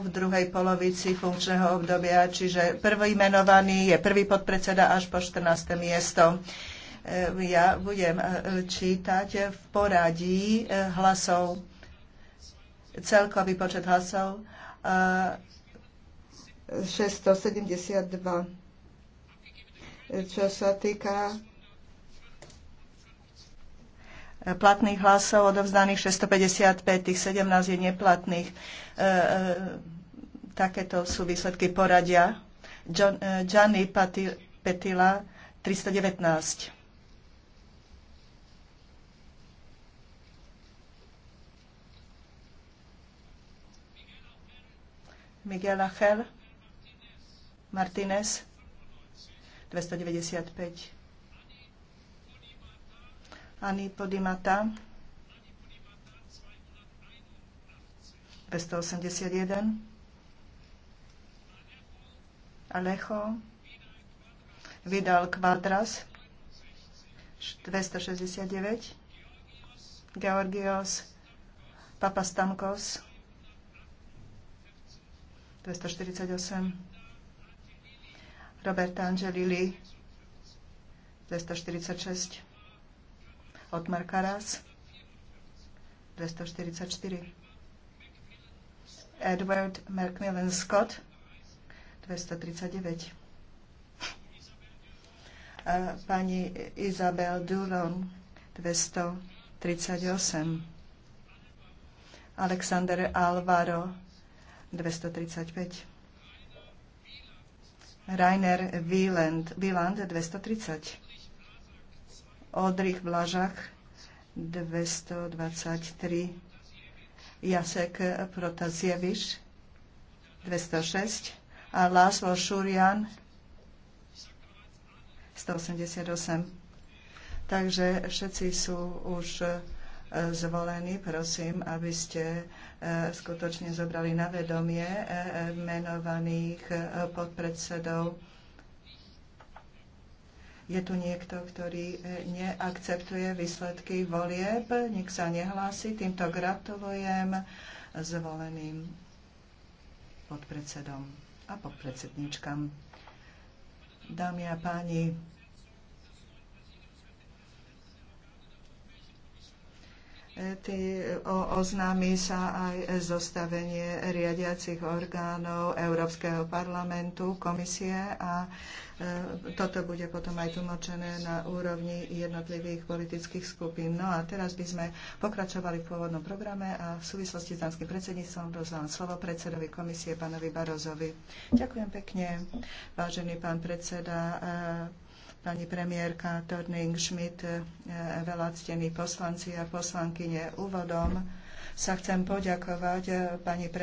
v druhej polovici funkčného obdobia, čiže prvý menovaný je prvý podpredseda až po 14. miesto. E, ja budem e, čítať v poradí e, hlasov, celkový počet hlasov 672. Čo sa týka platných hlasov, odovzdaných 655, tých 17 je neplatných. E, e, takéto sú výsledky poradia. John, e, Gianni Petila 319. Miguel Ángel Martínez 295. Ani Podimata 281 Alejo Vidal Quadras 269 Georgios Papastamkos 248 Roberta Angelili 246 Otmar Karas 244. Edward Macmillan Scott 239. A pani Isabel Duron. 238. Alexander Alvaro 235. Rainer Wieland, Wieland 230. Odrich Blažak 223, Jasek Protasievič 206 a Láslo Šurian 188. Takže všetci sú už e, zvolení, prosím, aby ste e, skutočne zobrali na vedomie e, menovaných podpredsedov je tu niekto, ktorý e, neakceptuje výsledky volieb, nik sa nehlási. Týmto gratulujem zvoleným podpredsedom a podpredsedničkám. Dámy a páni, Ty o, oznámi sa aj zostavenie riadiacich orgánov Európskeho parlamentu, komisie a e, toto bude potom aj tlmočené na úrovni jednotlivých politických skupín. No a teraz by sme pokračovali v pôvodnom programe a v súvislosti s danským predsedníctvom rozdávam slovo predsedovi komisie, pánovi Barozovi. Ďakujem pekne, vážený pán predseda. E, pani premiérka Torning Schmidt, e, veľa ctení poslanci a poslankyne úvodom. Sa chcem poďakovať e, pani premiérka